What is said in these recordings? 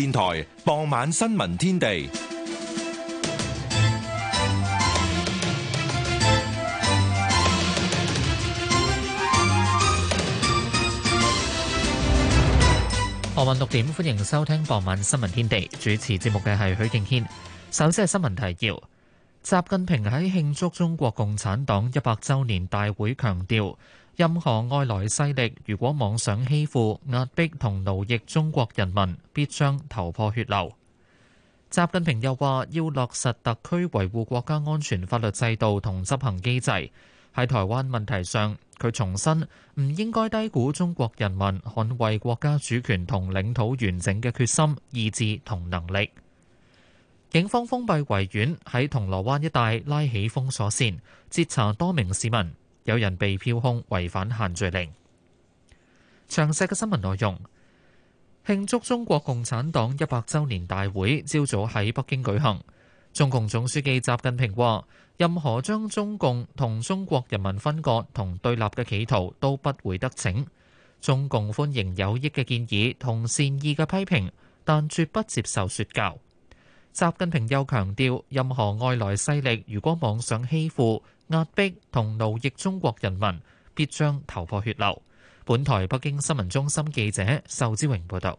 電台傍晚新聞天地，傍晚六點，歡迎收聽傍晚新聞天地，主持節目嘅係許敬軒。首先係新聞提要：習近平喺慶祝中國共產黨一百周年大會強調。任何外來勢力如果妄想欺負、壓迫同奴役中國人民，必將頭破血流。習近平又話要落實特區維護國家安全法律制度同執行機制。喺台灣問題上，佢重申唔應該低估中國人民捍衛國家主權同領土完整嘅決心、意志同能力。警方封閉維園，喺銅鑼灣一帶拉起封鎖線，截查多名市民。有人被票控違反限聚令。詳細嘅新聞內容：慶祝中國共產黨一百周年大會，朝早喺北京舉行。中共總書記習近平話：任何將中共同中國人民分割同對立嘅企圖都不會得逞。中共歡迎有益嘅建議同善意嘅批評，但絕不接受說教。習近平又強調：任何外來勢力如果妄想欺負，壓迫同奴役中國人民，必將頭破血流。本台北京新聞中心記者壽之榮報導。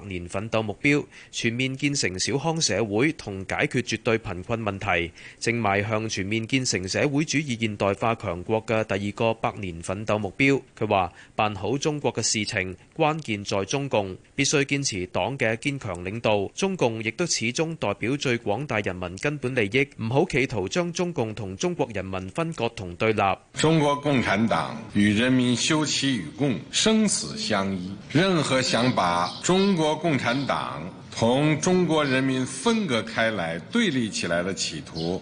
百年奮鬥目標，全面建成小康社會同解決絕對貧困問題，正邁向全面建成社會主義現代化強國嘅第二個百年奮鬥目標。佢話：辦好中國嘅事情，關鍵在中共，必須堅持黨嘅堅強領導。中共亦都始終代表最廣大人民根本利益，唔好企圖將中共同中國人民分割同對立。中國共產黨與人民休戚與共、生死相依，任何想把中國中國共產黨同中國人民分隔開來、對立起來的企圖，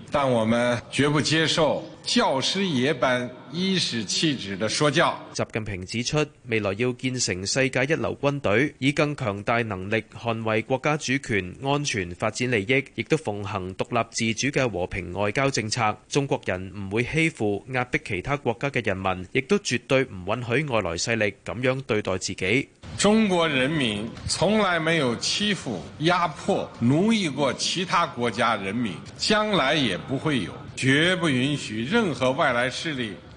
但我們絕不接受教師爺般。以是氣質的說教。習近平指出，未來要建成世界一流軍隊，以更強大能力捍衛國家主權、安全、發展利益，亦都奉行獨立自主嘅和平外交政策。中國人唔會欺負、壓迫其他國家嘅人民，亦都絕對唔允許外來勢力咁樣對待自己。中國人民從來沒有欺負、壓迫、奴役過其他國家人民，將來也不會有，絕不允許任何外來勢力，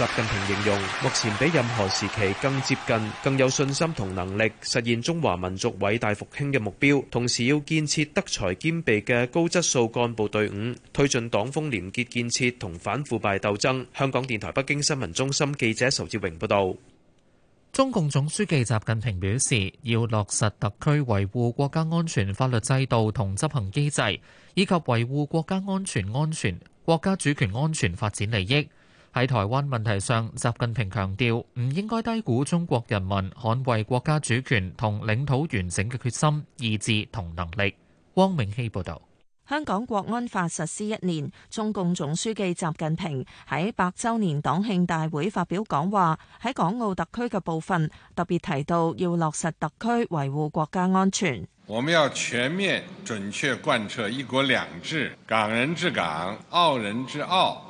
習近平形容，目前比任何時期更接近、更有信心同能力實現中華民族偉大復興嘅目標。同時要建設德才兼備嘅高質素幹部隊伍，推進黨風廉潔建設同反腐敗鬥爭。香港電台北京新聞中心記者仇志榮報道。中共總書記習近平表示，要落實特區維護國家安全法律制度同執行機制，以及維護國家安全安全、國家主權安全、發展利益。喺台灣問題上，習近平強調唔應該低估中國人民捍衛國家主權同領土完整嘅決心、意志同能力。汪明希報導。香港國安法實施一年，中共總書記習近平喺百周年黨慶大會發表講話，喺港澳特區嘅部分特別提到要落實特區維護國家安全。我們要全面準確貫徹一國兩制，港人治港，澳人治澳，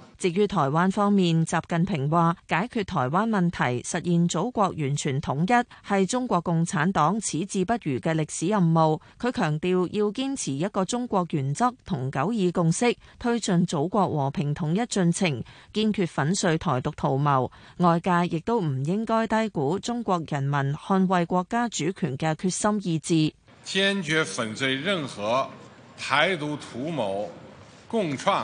至於台灣方面，習近平話解決台灣問題、實現祖國完全統一係中國共產黨矢志不渝嘅歷史任務。佢強調要堅持一個中國原則同九二共識，推進祖國和平統一進程，堅決粉碎台獨圖謀。外界亦都唔應該低估中國人民捍衛國家主權嘅決心意志，堅決粉碎任何台獨圖謀，共創，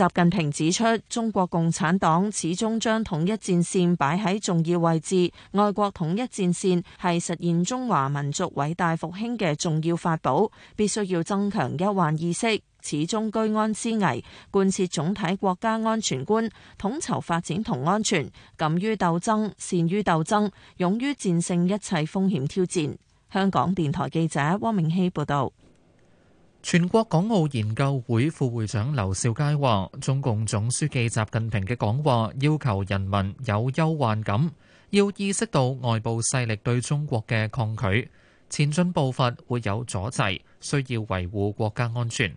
習近平指出，中國共產黨始終將統一戰線擺喺重要位置，愛國統一戰線係實現中華民族偉大復興嘅重要法寶，必須要增強憂患意識，始終居安思危，貫徹總體國家安全觀，統籌發展同安全，敢於鬥爭，善於鬥爭，勇於戰勝一切風險挑戰。香港電台記者汪明熙報道。全國港澳研究會副會長劉兆佳話，中共總書記習近平嘅講話要求人民有憂患感，要意識到外部勢力對中國嘅抗拒，前進步伐會有阻滯，需要維護國家安全。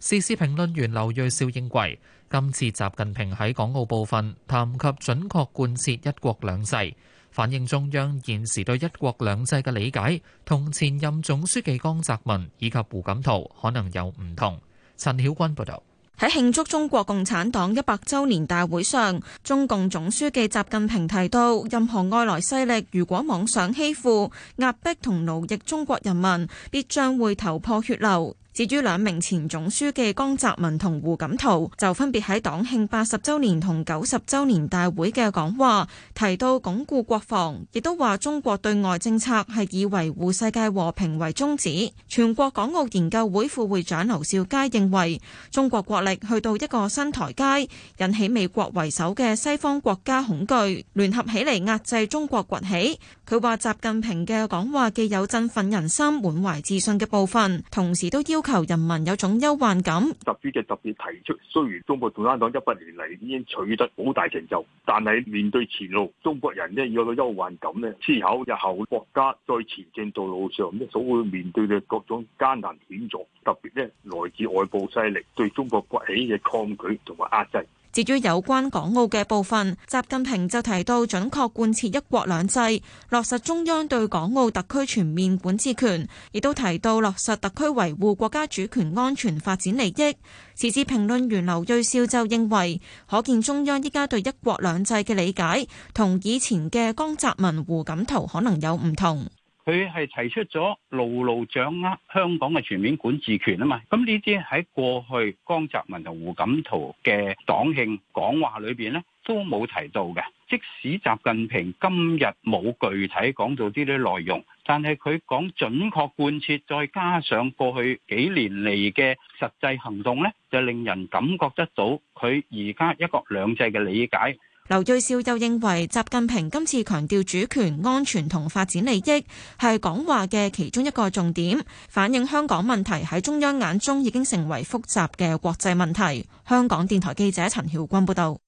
時事評論員劉銳紹認為，今次習近平喺港澳部分談及準確貫徹一國兩制。反映中央現時對一國兩制嘅理解，同前任總書記江澤民以及胡錦濤可能有唔同。陳曉君報導，喺慶祝中國共產黨一百週年大會上，中共總書記習近平提到，任何外來勢力如果妄想欺負、壓迫同奴役中國人民，必將會頭破血流。至於兩名前總書記江澤民同胡錦濤，就分別喺黨慶八十周年同九十周年大會嘅講話，提到鞏固國防，亦都話中國對外政策係以維護世界和平為宗旨。全國港澳研究會副會長劉兆佳認為，中國國力去到一個新台階，引起美國為首嘅西方國家恐懼，聯合起嚟壓制中國崛起。佢話習近平嘅講話既有振奮人心、滿懷自信嘅部分，同時都要求求人民有種憂患感。習主席特別提出，雖然中國共產黨一百年嚟已經取得好大成就，但係面對前路，中國人咧要有憂患感呢，思考日後國家在前進道路上呢所會面對嘅各種艱難險阻，特別呢來自外部勢力對中國崛起嘅抗拒同埋壓制。至於有關港澳嘅部分，習近平就提到準確貫徹一國兩制，落實中央對港澳特區全面管治權，亦都提到落實特區維護國家主權安全發展利益。時事評論員劉銳紹就認為，可見中央依家對一國兩制嘅理解同以前嘅江澤民、胡錦濤可能有唔同。佢係提出咗牢牢掌握香港嘅全面管治權啊嘛，咁呢啲喺過去江澤民同胡錦濤嘅黨慶講話裏邊咧都冇提到嘅。即使習近平今日冇具體講到呢啲內容，但係佢講準確貫徹，再加上過去幾年嚟嘅實際行動咧，就令人感覺得到佢而家一國兩制嘅理解。劉瑞兆又認為，習近平今次強調主權、安全同發展利益，係講話嘅其中一個重點，反映香港問題喺中央眼中已經成為複雜嘅國際問題。香港電台記者陳曉君報道，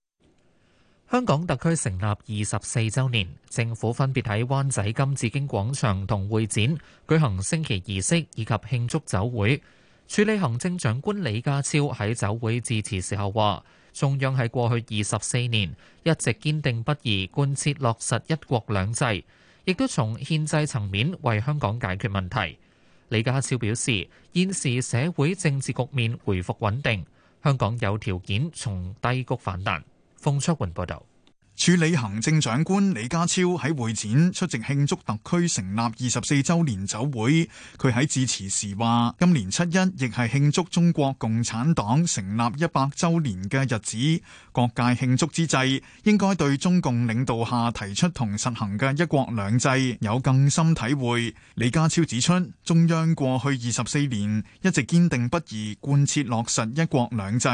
香港特區成立二十四周年，政府分別喺灣仔金紫荊廣場同會展舉行升旗儀式以及慶祝酒會。署理行政長官李家超喺酒會致辭時候話。中央喺過去二十四年一直堅定不移貫徹落實一國兩制，亦都從憲制層面為香港解決問題。李家超表示，現時社會政治局面回復穩定，香港有條件從低谷反彈。馮卓雲報導。署理行政長官李家超喺會展出席慶祝特區成立二十四周年酒會，佢喺致辭時話：今年七一亦係慶祝中國共產黨成立一百周年嘅日子，各界慶祝之際，應該對中共領導下提出同實行嘅一國兩制有更深體會。李家超指出，中央過去二十四年一直堅定不移貫徹落實一國兩制，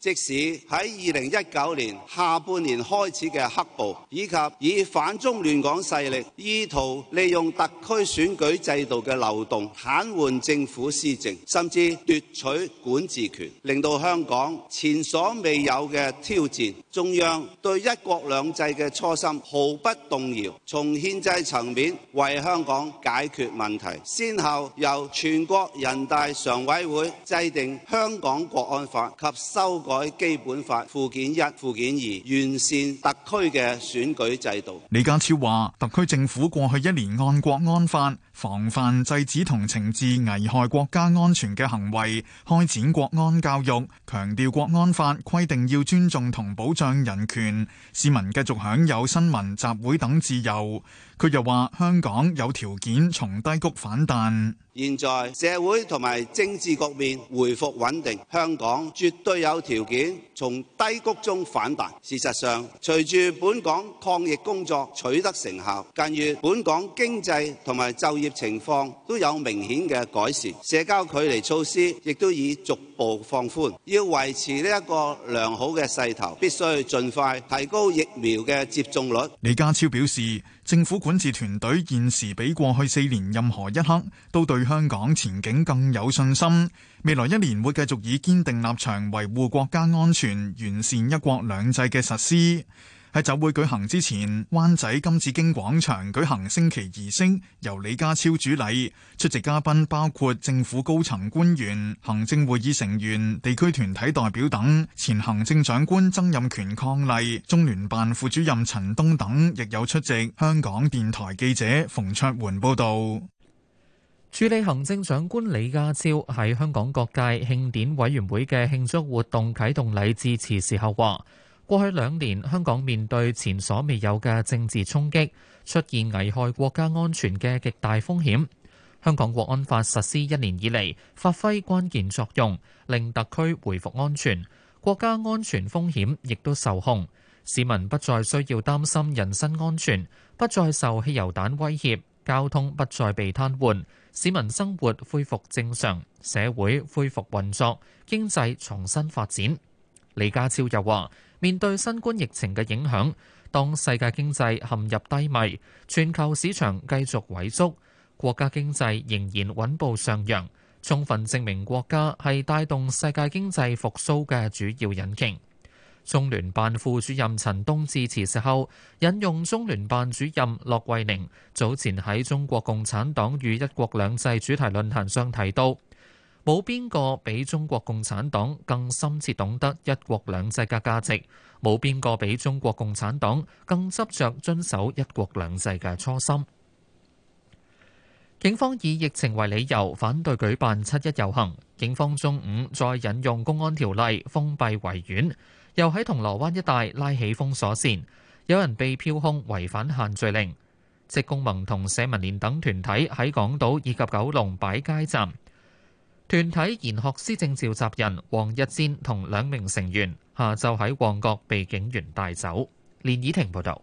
即使喺二零一九年下半年開始嘅。黑暴以及以反中亂港勢力，意圖利用特區選舉制度嘅漏洞，癱瘓政府施政，甚至奪取管治權，令到香港前所未有嘅挑戰，中央對一國兩制嘅初心毫不動搖，從憲制層面為香港解決問題，先後由全國人大常委會制定《香港國安法》及修改《基本法》附件一、附件二，完善特區，區嘅選舉制度，李家超話，特區政府過去一年按國安法，防範制止同懲治危害國家安全嘅行為，開展國安教育，強調國安法規定要尊重同保障人權，市民繼續享有新聞集會等自由。佢又話，香港有條件從低谷反彈，現在社會同埋政治局面回復穩定，香港絕對有條件從低谷中反彈。事實上，隨住本港抗疫工作取得成效，近月本港經濟同埋就業，情況都有明顯嘅改善，社交距離措施亦都已逐步放寬。要維持呢一個良好嘅勢頭，必須盡快提高疫苗嘅接種率。李家超表示，政府管治團隊現時比過去四年任何一刻都對香港前景更有信心。未來一年會繼續以堅定立場維護國家安全，完善一國兩制嘅實施。喺酒會舉行之前，灣仔金紫荊廣場舉行升旗儀式，由李家超主禮。出席嘉賓包括政府高層官員、行政會議成員、地區團體代表等。前行政長官曾蔭權伉儷，中聯辦副主任陳東等亦有出席。香港電台記者馮卓桓報導。署理行政長官李家超喺香港各界慶典委員會嘅慶祝活動啟動禮致辭時候話。過去兩年，香港面對前所未有嘅政治衝擊，出現危害國家安全嘅極大風險。香港國安法實施一年以嚟，發揮關鍵作用，令特區恢復安全，國家安全風險亦都受控。市民不再需要擔心人身安全，不再受汽油彈威脅，交通不再被癱瘓，市民生活恢復正常，社會恢復運作，經濟重新發展。李家超又話。面對新冠疫情嘅影響，當世界經濟陷入低迷，全球市場繼續萎縮，國家經濟仍然穩步上揚，充分證明國家係帶動世界經濟復甦嘅主要引擎。中聯辦副主任陳冬致辭時候，引用中聯辦主任駱惠寧早前喺中國共產黨與一國兩制主題論壇上提到。冇邊個比中國共產黨更深切懂得一國兩制嘅價值，冇邊個比中國共產黨更執着遵守一國兩制嘅初心。警方以疫情為理由反對舉辦七一遊行，警方中午再引用公安條例封閉維園，又喺銅鑼灣一帶拉起封鎖線，有人被票控違反限聚令。職工盟同社民連等團體喺港島以及九龍擺街站。團體賢學思政召集人王逸戰同兩名成員下晝喺旺角被警員帶走。連以婷報道。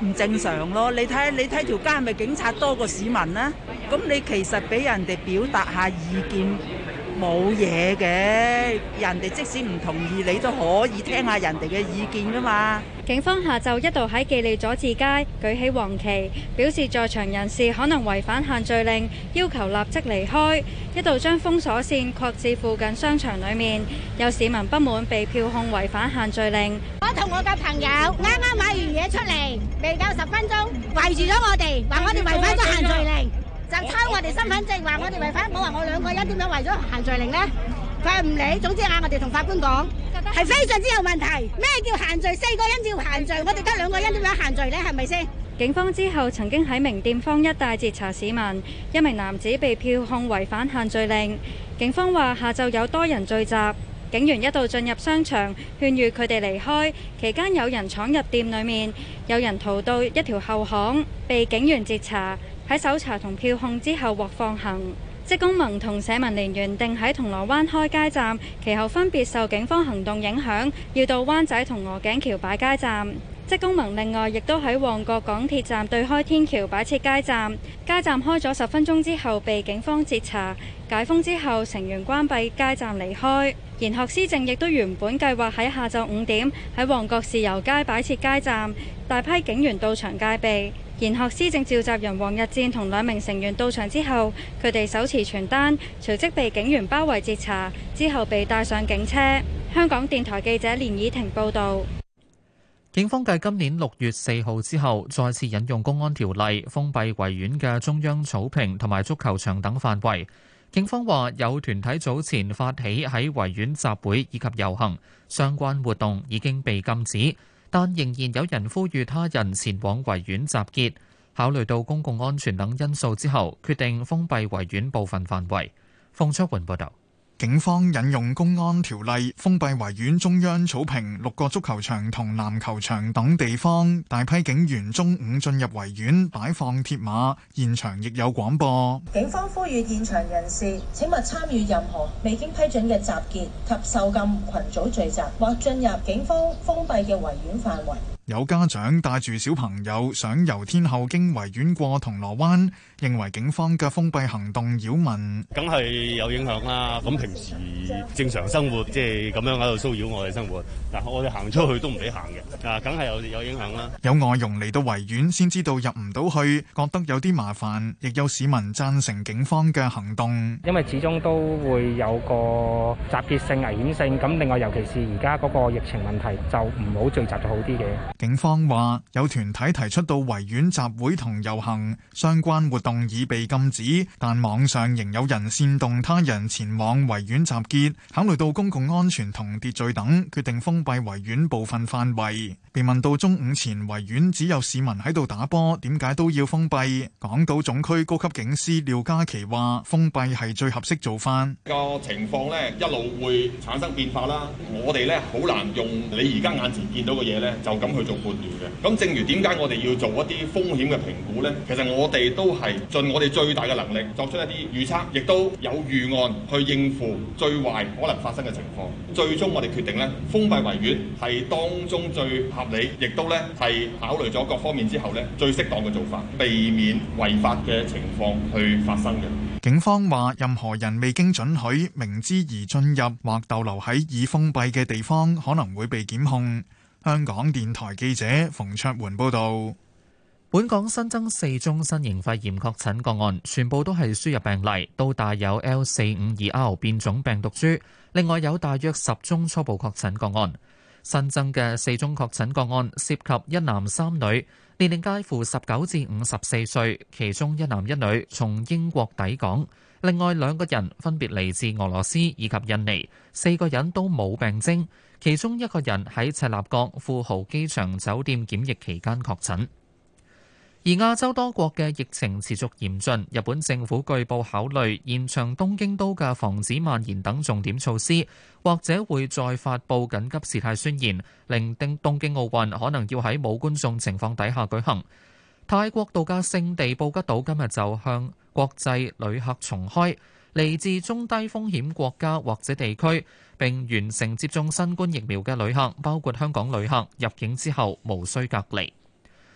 唔正常咯，你睇你睇條街係咪警察多過市民咧？咁你其實俾人哋表達下意見冇嘢嘅，人哋即使唔同意你，你都可以聽下人哋嘅意見噶嘛。警方下晝一度喺記利佐治街舉起黃旗，表示在場人士可能違反限聚令，要求立即離開。一度將封鎖線擴至附近商場裏面，有市民不滿被票控違反限聚令。我同我嘅朋友啱啱買完嘢出嚟，未夠十分鐘，圍住咗我哋，話我哋違反咗限聚令，就抄我哋身份證，話我哋違反，冇話我兩個人點樣違咗限聚令呢？佢唔理，總之嗌我哋同法官講。係非常之有問題，咩叫限聚？四個人叫限聚，我哋得兩個人點樣限聚呢？係咪先？警方之後曾經喺名店坊一帶截查市民，一名男子被票控違反限聚令。警方話下晝有多人聚集，警員一度進入商場勸喻佢哋離開，期間有人闖入店裏面，有人逃到一條後巷，被警員截查，喺搜查同票控之後獲放行。職工盟同社民連原定喺銅鑼灣開街站，其後分別受警方行動影響，要到灣仔同鵝頸橋擺街站。職工盟另外亦都喺旺角港鐵站對開天橋擺設街站，街站開咗十分鐘之後被警方截查，解封之後成員關閉街站離開。賢學思政亦都原本計劃喺下晝五點喺旺角豉油街擺設街站，大批警員到場戒備。賢學思政召集人王逸戰同兩名成員到場之後，佢哋手持傳單，隨即被警員包圍截查，之後被帶上警車。香港電台記者連以婷報道。警方繼今年六月四號之後，再次引用公安條例，封閉維園嘅中央草坪同埋足球場等範圍。警方話有團體早前發起喺維園集會以及遊行，相關活動已經被禁止。但仍然有人呼籲他人前往維園集結，考慮到公共安全等因素之後，決定封閉維園部分範圍。馮卓韻報導。警方引用公安條例封閉維園中央草坪、六個足球場同籃球場等地方，大批警員中午進入維園擺放鐵馬，現場亦有廣播。警方呼籲現場人士，請勿參與任何未經批准嘅集結及受禁群組聚集或進入警方封閉嘅維園範圍。有家長帶住小朋友想由天后經維園過銅鑼灣。認為警方嘅封閉行動擾民，梗係有影響啦。咁平時正常生活即係咁樣喺度騷擾我哋生活，嗱我哋行出去都唔俾行嘅，啊梗係有有影響啦。有外傭嚟到維園先知道入唔到去，覺得有啲麻煩。亦有市民贊成警方嘅行動，因為始終都會有個集結性、危險性。咁另外，尤其是而家嗰個疫情問題，就唔好聚集就好啲嘅。警方話有團體提出到維園集會同遊行相關活動動已被禁止，但網上仍有人煽動他人前往維園集結。考慮到公共安全同秩序等，決定封閉維園部分範圍。被問到中午前維園只有市民喺度打波，點解都要封閉？港島總區高級警司廖嘉琪話：封閉係最合適做法。這個情況咧一路會產生變化啦，我哋咧好難用你而家眼前見到嘅嘢咧就咁去做判斷嘅。咁正如點解我哋要做一啲風險嘅評估咧？其實我哋都係，盡我哋最大嘅能力作出一啲預測，亦都有預案去應付最壞可能發生嘅情況。最終我哋決定咧封閉維園係當中最合理，亦都咧係考慮咗各方面之後咧最適當嘅做法，避免違法嘅情況去發生嘅。警方話，任何人未經准許，明知而進入或逗留喺已封閉嘅地方，可能會被檢控。香港電台記者馮卓媛報導。本港新增四宗新型肺炎確診個案，全部都係輸入病例，都帶有 L 四五二 R 變種病毒株。另外有大約十宗初步確診個案。新增嘅四宗確診個案涉及一男三女，年齡介乎十九至五十四歲，其中一男一女從英國抵港，另外兩個人分別嚟自俄羅斯以及印尼，四個人都冇病徵，其中一個人喺赤鱲角富豪機場酒店檢疫期間確診。而亞洲多國嘅疫情持續嚴峻，日本政府據報考慮延長東京都嘅防止蔓延等重點措施，或者會再發佈緊急事態宣言，令定東京奧運可能要喺冇觀眾情況底下舉行。泰國度假勝地布吉島今日就向國際旅客重開，嚟自中低風險國家或者地區，並完成接種新冠疫苗嘅旅客，包括香港旅客，入境之後無需隔離。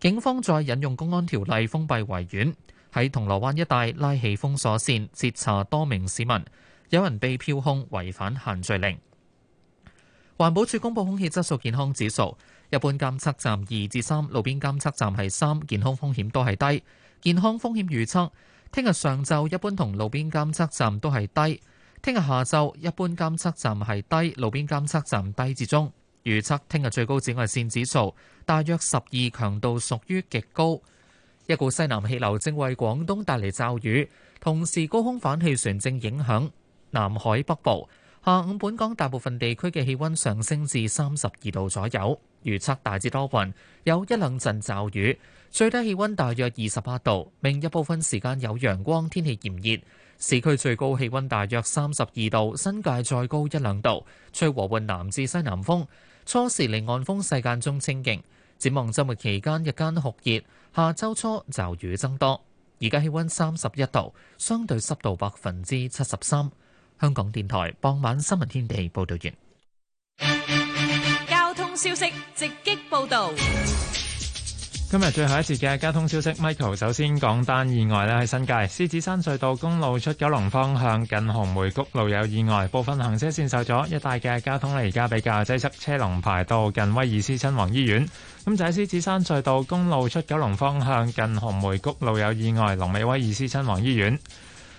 警方再引用公安條例封閉圍園，喺銅鑼灣一帶拉起封鎖線，截查多名市民，有人被票控違反限聚令。環保署公布空氣質素健康指數，一般監測站二至三，路邊監測站係三，健康風險都係低。健康風險預測，聽日上晝一般同路邊監測站都係低，聽日下晝一般監測站係低，路邊監測站低至中。預測聽日最高紫外線指數。大約十二強度屬於極高，一股西南氣流正為廣東帶嚟驟雨，同時高空反氣旋正影響南海北部。下午本港大部分地區嘅氣温上升至三十二度左右，預測大致多雲，有一兩陣驟雨，最低氣温大約二十八度。明日部分時間有陽光，天氣炎熱，市區最高氣温大約三十二度，新界再高一兩度，吹和緩南至西南風，初時離岸風勢間中清勁。展望周末期間日間酷熱，下周初驟雨增多。而家氣温三十一度，相對濕度百分之七十三。香港電台傍晚新聞天地報導員，報道完。交通消息直擊報導。今日最後一節嘅交通消息，Michael 首先講單意外啦，喺新界獅子山隧道公路出九龍方向近紅梅谷路，路有意外，部分行車線受阻，一帶嘅交通咧而家比較擠塞，車龍排到近威爾斯親王醫院。咁就喺獅子山隧道公路出九龍方向近紅梅谷路，路，路有意外，龍尾威爾斯親王醫院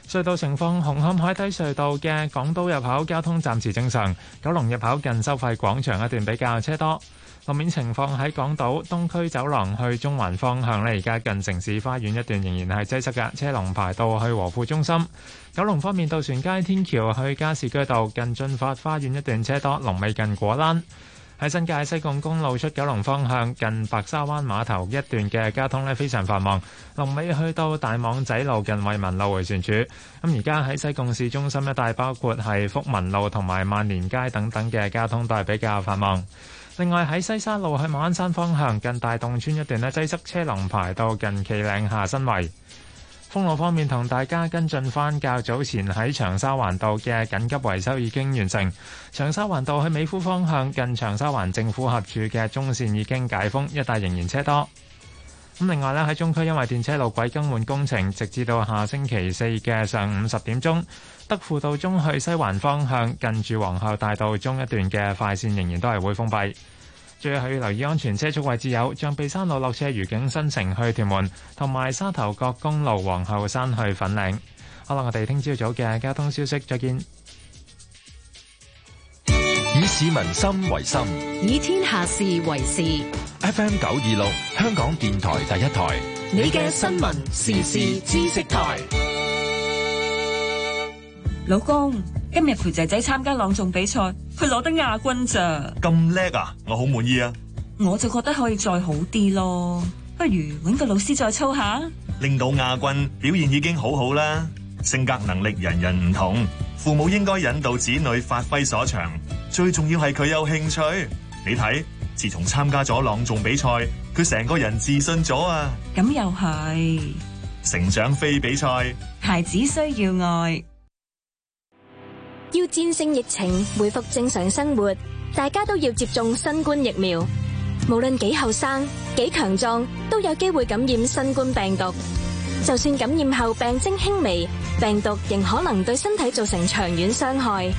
隧道情況，紅磡海底隧道嘅港島入口交通暫時正常，九龍入口近收費廣場一段比較車多。路面情況喺港島東區走廊去中環方向呢，而家近城市花園一段仍然係擠塞嘅車龍排到去和富中心。九龍方面，渡船街天橋去加士居道近進發花園一段車多，龍尾近果欄。喺新界西貢公路出九龍方向，近白沙灣碼頭一段嘅交通呢非常繁忙，龍尾去到大網仔路近惠民路回旋處。咁而家喺西貢市中心一帶，包括係福民路同埋萬年街等等嘅交通都係比較繁忙。另外喺西沙路去馬鞍山方向近大洞村一段呢，擠塞車龍排到近期嶺下新圍。封路方面，同大家跟進翻，較早前喺長沙灣道嘅緊急維修已經完成。長沙灣道去美孚方向近長沙灣政府合署嘅中線已經解封，一帶仍然車多。咁另外咧，喺中區，因為電車路軌更換工程，直至到下星期四嘅上午十點鐘，德輔道中去西環方向近住皇后大道中一段嘅快線仍然都係會封閉。最後要留意安全車速位置有象鼻山路落車愉景新城去屯門，同埋沙頭角公路皇后山去粉嶺。好啦，我哋聽朝早嘅交通消息，再見。以市民心為心，以天下事為事。FM 九二六，香港電台第一台，你嘅新聞時事知識台。老公。今日陪仔仔參加朗誦比賽，佢攞得亞軍咋？咁叻啊！我好滿意啊！我就覺得可以再好啲咯，不如揾個老師再操下。令到亞軍表現已經好好啦，性格能力人人唔同，父母應該引導子女發揮所長。最重要係佢有興趣。你睇，自從參加咗朗誦比賽，佢成個人自信咗啊！咁又係，成長非比賽，孩子需要愛。要戰勝疫情，回復正常生活，大家都要接種新冠疫苗。無論幾後生、幾強壯，都有機會感染新冠病毒。就算感染後病徵輕微，病毒仍可能對身體造成長遠傷害。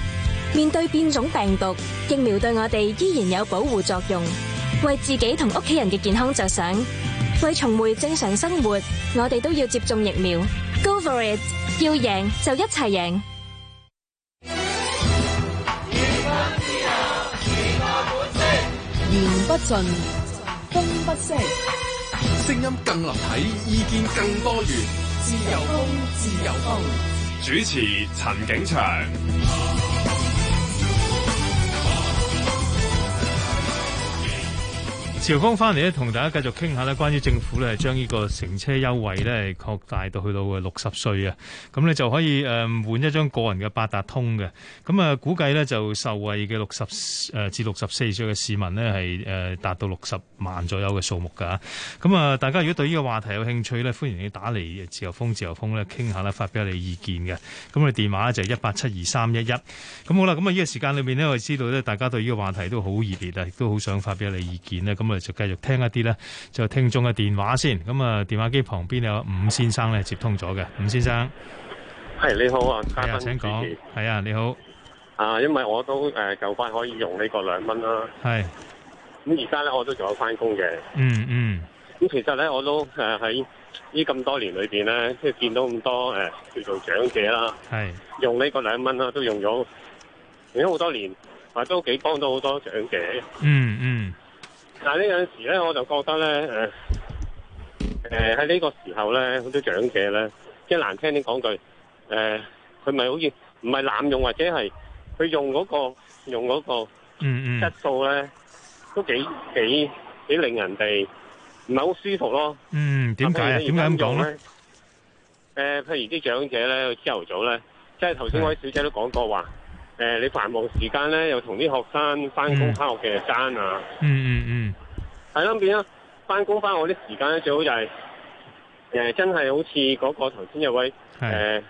面對變種病毒，疫苗對我哋依然有保護作用。為自己同屋企人嘅健康着想，為重回正常生活，我哋都要接種疫苗。Go for it！要贏就一齊贏。言不盡，風不息，聲音更立體，意見更多元，自由風，自由風。主持：陳景祥。朝方翻嚟咧，同大家繼續傾下呢關於政府呢將呢個乘車優惠呢擴大到去到六十歲啊，咁咧就可以誒換一張個人嘅八達通嘅，咁啊估計呢就受惠嘅六十誒至六十四歲嘅市民呢係誒達到六十萬左右嘅數目噶，咁啊大家如果對呢個話題有興趣呢歡迎你打嚟自由風自由風咧傾下呢發表你意見嘅，咁我哋電話就係一八七二三一一，咁好啦，咁啊呢個時間裏面呢我知道呢大家對呢個話題都好熱烈啊，亦都好想發表你意見咧，咁。就繼續聽一啲咧，就聽眾嘅電話先。咁啊，電話機旁邊有伍先生咧接通咗嘅。伍先生，係你好啊，嘉賓請講。係啊，你好。啊，因為我都誒夠，快可以用呢個兩蚊啦。係。咁而家咧，我都仲有翻工嘅。嗯嗯。咁其實咧，我都誒喺呢咁多年裏邊咧，即係見到咁多誒叫做長者啦。係。用呢個兩蚊啦，都用咗用咗好多年，啊都幾幫到好多長者。嗯嗯。但有呢陣時咧，我就覺得咧，誒、呃，誒喺呢個時候咧，好多長者咧，即係難聽啲講句，誒、呃，佢咪好似唔係濫用或者係佢用嗰、那個用嗰個嗯嗯質素咧，都幾幾幾令人哋唔係好舒服咯。嗯，點解？點解咁講咧？誒、呃，譬如啲長者咧，朝頭早咧，即係頭先嗰位小姐都講過話，誒、嗯呃，你繁忙時間咧，又同啲學生翻工翻學嘅爭啊，嗯。係啦，變咗翻工翻，我啲時間咧最好就係誒，真係好似嗰個頭先有位誒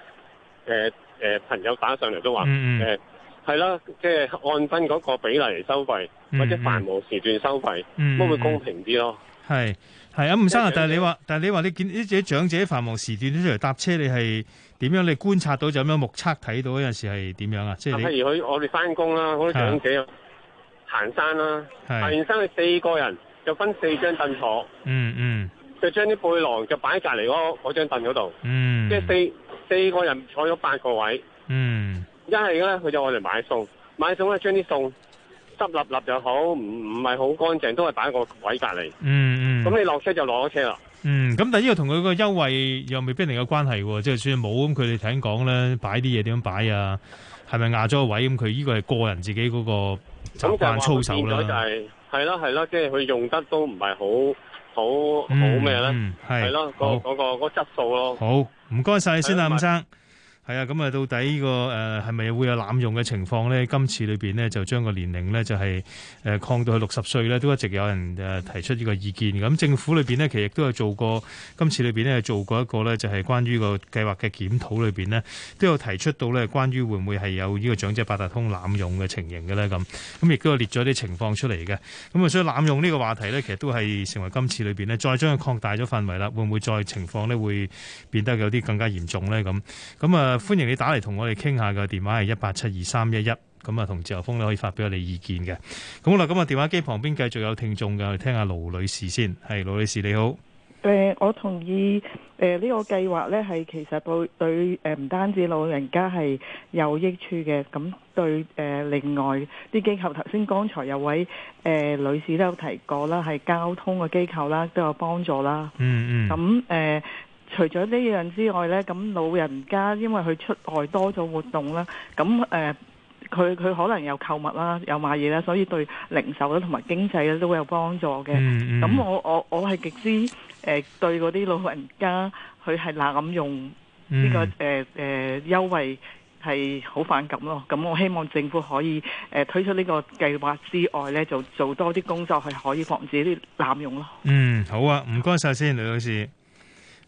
誒誒朋友打上嚟都話誒，係啦，即係按分嗰個比例嚟收費，或者繁忙時段收費，咁會公平啲咯。係係啊，吳生啊，但係你話，但係你話，你見啲啲長者繁忙時段呢出嚟搭車，你係點樣？你觀察到就咁樣目測睇到嗰陣時係點樣啊？即係譬如佢，我哋翻工啦，嗰啲長者行山啦，行完山四個人。就分四張凳坐，嗯嗯，就將啲背囊就擺喺隔離嗰張凳嗰度，嗯，即係、嗯、四四個人坐咗八個位，嗯，一係咧佢就我哋買餸，買餸咧將啲餸濕立立又好，唔唔係好乾淨，都係擺喺個位隔離，嗯嗯，咁你落車就落咗車啦，嗯，咁、嗯、但呢個同佢個優惠又未必有關係喎，即係算冇咁佢哋點講咧，擺啲嘢點樣擺啊，係咪壓咗個位咁？佢呢個係個人自己嗰個習慣操守啦。就係啦係啦即係佢用得都唔係好好好咩咧？係咯，嗰嗰個嗰質素咯。好，唔該晒，先啦，吳生。係啊，咁啊，到底呢、呢個誒係咪會有濫用嘅情況呢？今次裏邊呢，就將個年齡呢、就係，就係誒擴到去六十歲呢，都一直有人誒提出呢個意見。咁、嗯、政府裏邊呢，其實亦都有做過，今次裏邊呢做過一個呢，就係關於個計劃嘅檢討裏邊呢，都有提出到呢，關於會唔會係有呢個長者八達通濫用嘅情形嘅呢？咁。咁亦都有列咗啲情況出嚟嘅。咁、嗯、啊，所以濫用呢個話題呢，其實都係成為今次裏邊呢，再將佢擴大咗範圍啦。會唔會再情況呢？會變得有啲更加嚴重呢？咁咁啊？嗯呃歡迎你打嚟同我哋傾下嘅電話係一八七二三一一，咁啊同自由風你可以發表你意見嘅。咁啦，咁啊電話機旁邊繼續有聽眾嘅，聽下盧女士先。係盧女士你好，誒、呃，我同意誒呢、呃這個計劃咧係其實對對誒唔單止老人家係有益處嘅，咁對誒、呃、另外啲機構頭先剛,剛才有位誒、呃、女士都有提過啦，係交通嘅機構啦都有幫助啦。嗯嗯。咁誒、呃。呃除咗呢樣之外咧，咁老人家因為佢出外多咗活動啦，咁誒佢佢可能有購物啦，有買嘢啦，所以對零售啦同埋經濟咧都會有幫助嘅。咁我我我係極之誒對嗰啲老人家佢係濫用呢個誒誒優惠係好反感咯。咁我希望政府可以誒推出呢個計劃之外咧，就做多啲工作係可以防止啲濫用咯。嗯，好啊，唔該曬先，李老師。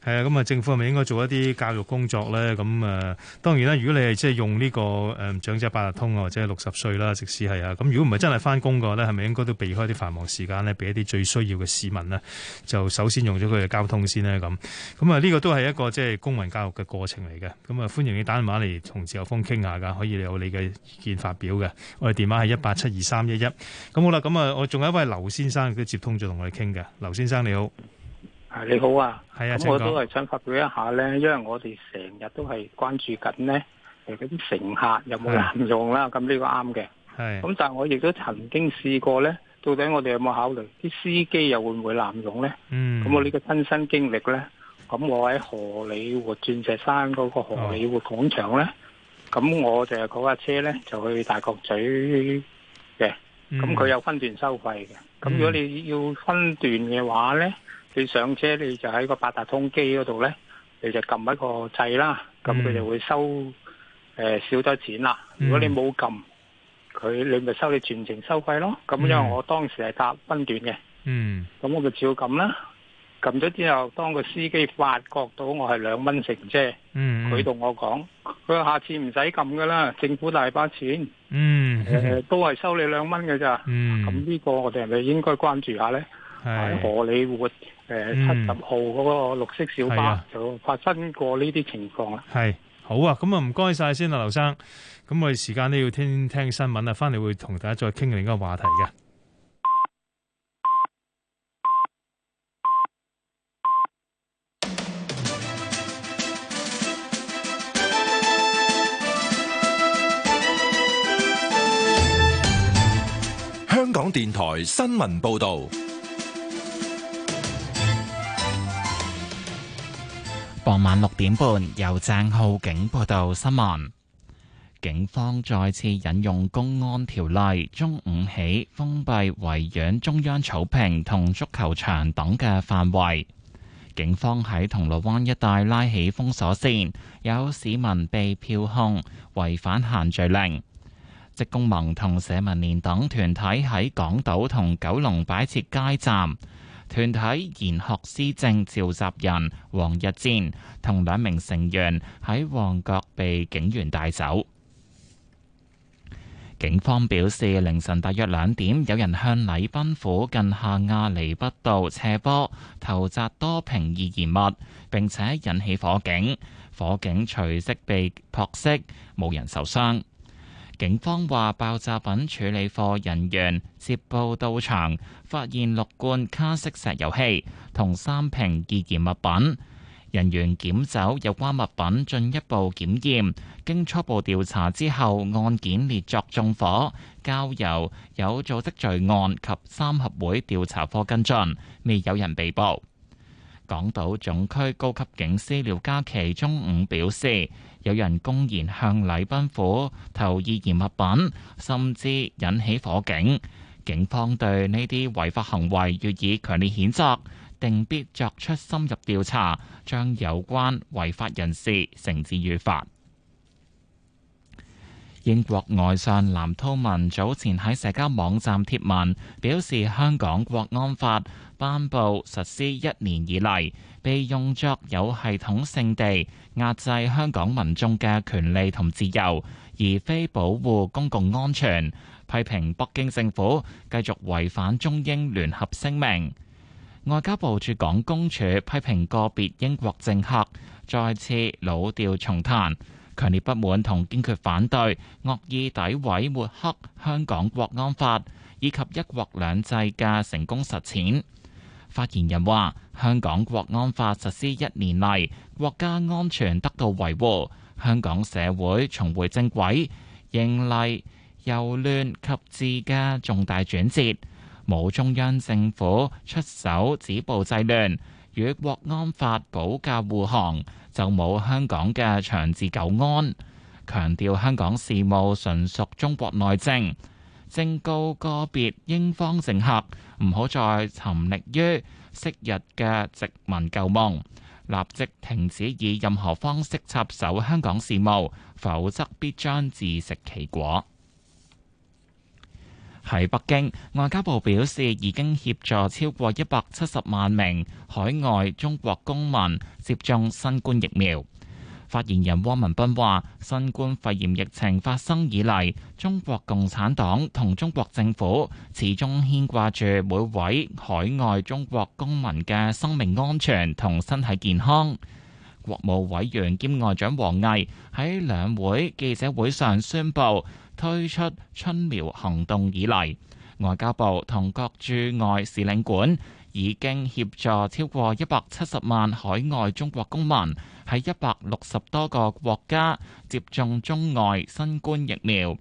係啊，咁啊，政府係咪應該做一啲教育工作咧？咁誒、呃，當然啦。如果你係即係用呢、這個誒、呃、長者八達通啊，或者係六十歲啦，即使係啊，咁如果唔係真係翻工嘅話咧，係咪應該都避開啲繁忙時間咧，俾一啲最需要嘅市民呢？就首先用咗佢嘅交通先咧？咁咁啊，呢、這個都係一個即係、就是、公民教育嘅過程嚟嘅。咁啊，歡迎你打電話嚟同自由風傾下噶，可以有你嘅意見發表嘅。我哋電話係一八七二三一一。咁好啦，咁啊，我仲有一位劉先生，佢接通咗同我哋傾嘅。劉先生你好。你好啊，係啊，咁我都係想發表一下咧，確因為我哋成日都係關注緊咧誒啲乘客有冇濫用啦，咁呢的個啱嘅。係的，咁但我亦都曾經試過咧，到底我哋有冇考慮啲司機又會唔會濫用咧？嗯，咁我呢個親身經歷咧，咁我喺荷里活鑽石山嗰個荷里活廣場咧，咁、哦、我就係嗰架車咧就去大角咀嘅，咁佢、嗯、有分段收費嘅，咁如果你要分段嘅話咧。你上車你就喺個八達通機嗰度呢，你就撳一個掣啦，咁佢就會收、嗯呃、少咗錢啦。如果你冇撳，佢你咪收你全程收費咯。咁因為我當時係搭分段嘅，咁、嗯、我就照撳啦。撳咗之後，當個司機發覺到我係兩蚊乘車，佢同、嗯、我講：佢話下次唔使撳㗎啦，政府大把錢，嗯呃、都係收你兩蚊㗎咋。咁呢、嗯、個我哋係咪應該關注下呢，係荷里活。誒，七十號嗰個綠色小巴就發生過呢啲情況啦。係、啊，好啊，咁啊，唔該晒先啊，劉生。咁我哋時間都要聽聽新聞啊，翻嚟會同大家再傾另一個話題嘅。香港電台新聞報道。晚六點半，由鄭浩景報道新聞。警方再次引用公安條例，中午起封閉維園中央草坪同足球場等嘅範圍。警方喺銅鑼灣一帶拉起封鎖線，有市民被票控違反限聚令。職工盟同社民連等團體喺港島同九龍擺設街站。團體賢學思政召集人王逸戰同兩名成員喺旺角被警員帶走。警方表示，凌晨大約兩點，有人向禮賓府近下亞厘畢道斜坡投擲多瓶易燃物，並且引起火警，火警隨即被撲熄，冇人受傷。警方話：爆炸品處理科人員接報到場，發現六罐卡式石油氣同三瓶易燃物品，人員檢走有關物品進一步檢驗。經初步調查之後，案件列作縱火，交由有組織罪案及三合會調查科跟進，未有人被捕。港島總區高級警司廖嘉琪中午表示。有人公然向禮賓府投擲易燃物品，甚至引起火警。警方對呢啲違法行為予以強烈譴責，定必作出深入調查，將有關違法人士繩之於法。英國外相藍韜文早前喺社交網站貼文，表示香港國安法頒布實施一年以嚟，被用作有系統性地壓制香港民眾嘅權利同自由，而非保護公共安全。批評北京政府繼續違反中英聯合聲明。外交部駐港公署批評個別英國政客再次老調重彈，強烈不滿同堅決反對惡意詆毀抹黑香港國安法以及一國兩制嘅成功實踐。發言人話：香港國安法實施一年嚟，國家安全得到維護，香港社會重回正軌，迎嚟由亂及治嘅重大轉折。冇中央政府出手止暴制亂，與國安法保駕護航，就冇香港嘅長治久安。強調香港事務純屬中國內政。正告個別英方政客唔好再沉溺於昔日嘅殖民舊夢，立即停止以任何方式插手香港事務，否則必將自食其果。喺北京，外交部表示已經協助超過一百七十萬名海外中國公民接種新冠疫苗。發言人汪文斌話，新冠肺炎疫情發生以嚟，中國共產黨同中國政府始終牽掛住每位海外中國公民嘅生命安全同身體健康。國務委員兼外長王毅喺兩會記者會上宣布推出春苗行動以嚟，外交部同各駐外使領館已經協助超過一百七十萬海外中國公民喺一百六十多個國家接種中外新冠疫苗，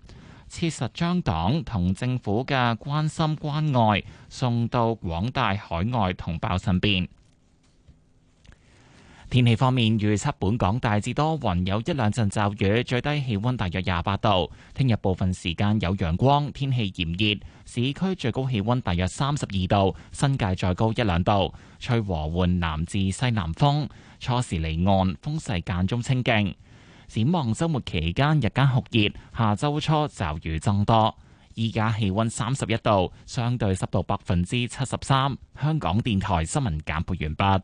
切實將黨同政府嘅關心關愛送到廣大海外同胞身邊。天氣方面，預測本港大致多雲，有一兩陣驟雨，最低氣溫大約廿八度。聽日部分時間有陽光，天氣炎熱，市區最高氣溫大約三十二度，新界再高一兩度。吹和緩南至西南風，初時離岸，風勢間中清勁。展望周末期間日間酷熱，下周初驟雨增多。依家氣溫三十一度，相對濕度百分之七十三。香港電台新聞簡報完畢。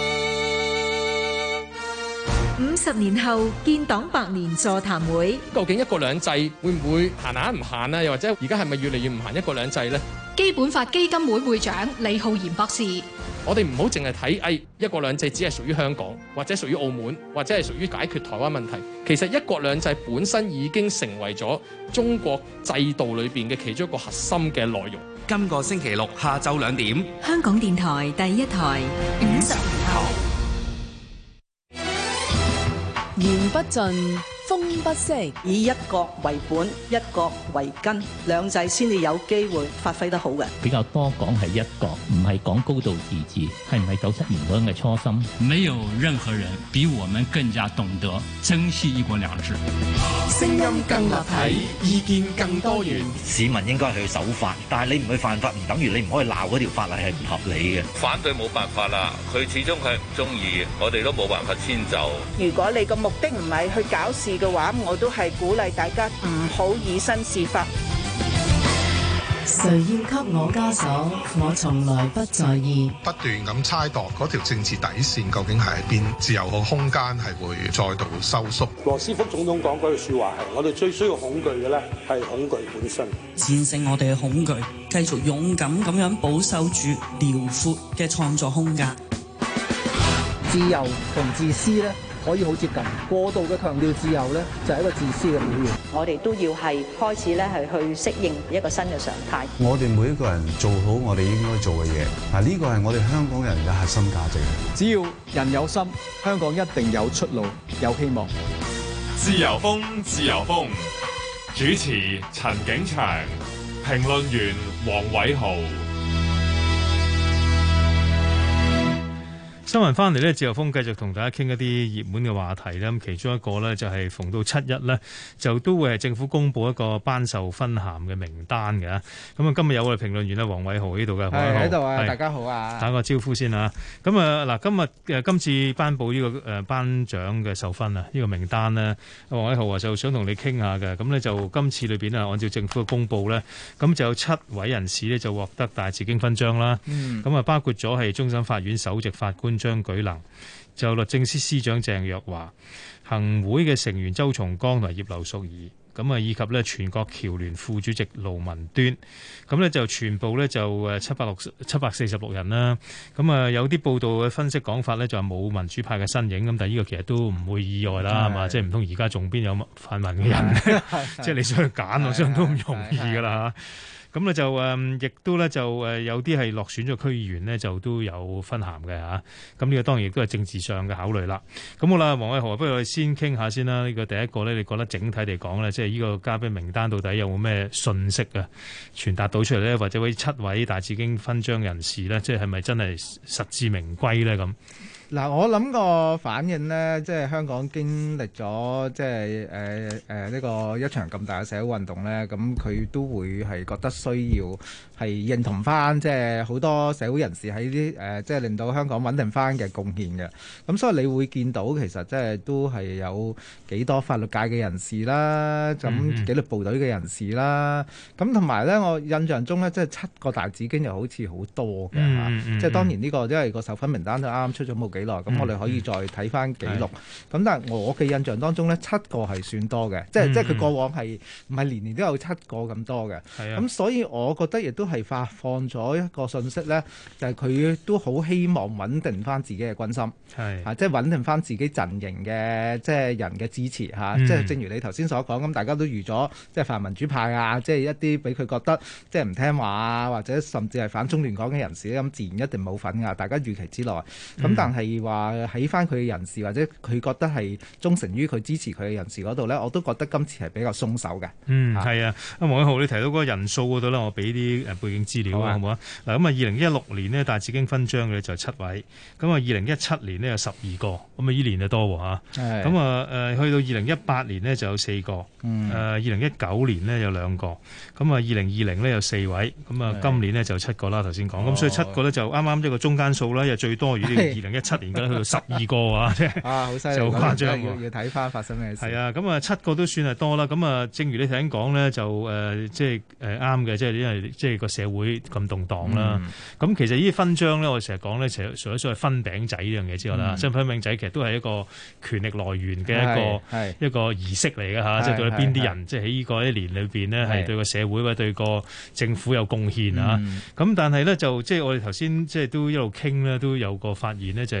五十年後建黨百年座談會，究竟一國兩制會唔會行，行唔行呢？又或者而家係咪越嚟越唔行一國兩制呢？基本法基金會會長李浩然博士，我哋唔好淨係睇，誒，一國兩制只係屬於香港，或者屬於澳門，或者係屬於解決台灣問題。其實一國兩制本身已經成為咗中國制度裏邊嘅其中一個核心嘅內容。今個星期六下晝兩點，香港電台第一台五十。言不盡。不息，以一國為本，一國為根，兩制先至有機會發揮得好嘅。比較多講係一國，唔係講高度自治，係唔係九七年嗰樣嘅初心？沒有任何人比我們更加懂得珍惜一國兩制。聲音更立體，意見更多元。市民應該去守法，但係你唔去犯法，唔等於你唔可以鬧條法例係唔合理嘅。反對冇辦法啦，佢始終佢係唔中意，我哋都冇辦法遷就。如果你個目的唔係去搞事嘅。話我都係鼓勵大家唔好以身試法。誰要給我枷鎖，我從來不在意。不斷咁猜度嗰條政治底線究竟係喺邊，自由嘅空間係會再度收縮。羅斯福總統講嗰句説話係：我哋最需要恐懼嘅咧，係恐懼本身。戰勝我哋嘅恐懼，繼續勇敢咁樣保守住遼闊嘅創作空間。自由同自私咧。可以好接近。過度嘅強調自由呢就係一個自私嘅表現。我哋都要係開始呢係去適應一個新嘅常態。我哋每一個人做好我哋應該做嘅嘢，嗱呢個係我哋香港人嘅核心價值。只要人有心，香港一定有出路，有希望。自由風，自由風。主持：陳景祥，評論員：黃偉豪。新聞翻嚟呢自由風繼續同大家傾一啲熱門嘅話題呢其中一個呢，就係逢到七一呢，就都會係政府公布一個頒授勳銜嘅名單㗎。咁啊，今日有位評評論員咧，黃偉豪喺度嘅。喺度啊！是大家好啊！打個招呼先啊！咁啊嗱，今、呃、日今次頒布呢、這個誒頒獎嘅授勳啊，呢、這個名單呢，黃偉豪啊，就想同你傾下嘅。咁呢，就今次裏面啊，按照政府嘅公布呢，咁就有七位人士呢，就獲得大紫荊勳章啦。咁啊、嗯，包括咗係終審法院首席法官。張舉能就律政司司長鄭若驊，行會嘅成員周松崗同埋葉劉淑儀，咁啊以及咧全國僑聯副主席盧文端，咁咧就全部咧就誒七百六七百四十六人啦，咁啊有啲報道嘅分析講法咧就話冇民主派嘅身影，咁但係呢個其實都唔會意外啦，係嘛？是是，即係唔通而家仲邊有泛民嘅人，即係是 你想去揀，我想都唔容易噶啦。咁咧就誒，亦、嗯、都咧就有啲係落選咗區議員呢，就都有分行嘅吓。咁呢個當然亦都係政治上嘅考慮啦。咁好啦，黃偉豪，不如我哋先傾下先啦。呢、這個第一個咧，你覺得整體嚟講咧，即係呢個嘉賓名單到底有冇咩信息啊傳達到出嚟咧？或者呢七位大紫荊勳章人士呢，即係係咪真係實至名歸咧？咁？嗱、呃，我諗個反應咧，即係香港經歷咗即係誒誒呢個一場咁大嘅社會運動咧，咁、嗯、佢都會係覺得需要係認同翻，即係好多社會人士喺啲誒即係令到香港穩定翻嘅貢獻嘅。咁、嗯、所以你會見到其實即係都係有幾多法律界嘅人士啦，咁紀律部隊嘅人士啦，咁同埋咧，我印象中咧，即係七個大紫荊又好似好多嘅、嗯嗯啊、即係當年呢、這個因為個受勳名單都啱啱出咗冇幾。耐？咁、嗯、我哋可以再睇翻記錄。咁的但係我嘅印象當中呢七個係算多嘅，嗯、即係即係佢過往係唔係年年都有七個咁多嘅。啊的。咁、嗯、所以我覺得亦都係發放咗一個訊息呢，就係、是、佢都好希望穩定翻自己嘅軍心。的啊、即係穩定翻自己陣營嘅即係人嘅支持的、啊、即係正如你頭先所講，咁大家都預咗，即係泛民主派啊，即、就、係、是、一啲俾佢覺得即係唔聽話啊，或者甚至係反中亂港嘅人士咁自然一定冇份㗎、啊。大家預期之內。咁、嗯、但係。而話喺翻佢嘅人士，或者佢覺得係忠誠於佢支持佢嘅人士嗰度呢，我都覺得今次係比較鬆手嘅。嗯，係啊，啊黃偉豪，你提到嗰個人數嗰度呢，我俾啲誒背景資料啊，好唔好啊？嗱的，咁啊，二零一六年呢，大紫荊勳章嘅就係七位。咁啊，二零一七年呢，有十二個，咁啊依年就多嚇。咁啊誒，去到二零一八年呢，就有四個。嗯的。誒，二零一九年呢，有兩個。咁啊，二零二零呢，有四位。咁啊，今年呢，就七個啦。頭先講咁，所以七個呢，就啱啱一個中間數啦，又最多於二零一七。而家去到十二個啊，即係啊，好犀利，好誇張喎！要睇翻發生咩事。係啊，咁啊七個都算係多啦。咁啊，正如你頭先講咧，就誒，即係誒啱嘅，即係因為即係個社會咁動盪啦。咁其實呢啲勳章咧，我成日講咧，除咗所謂分餅仔呢樣嘢之外啦，分分餅仔其實都係一個權力來源嘅一個一個儀式嚟嘅嚇，即係對邊啲人，即係喺呢個一年裏邊呢，係對個社會或者對個政府有貢獻啊。咁但係咧，就即係我哋頭先即係都一路傾咧，都有個發現呢。就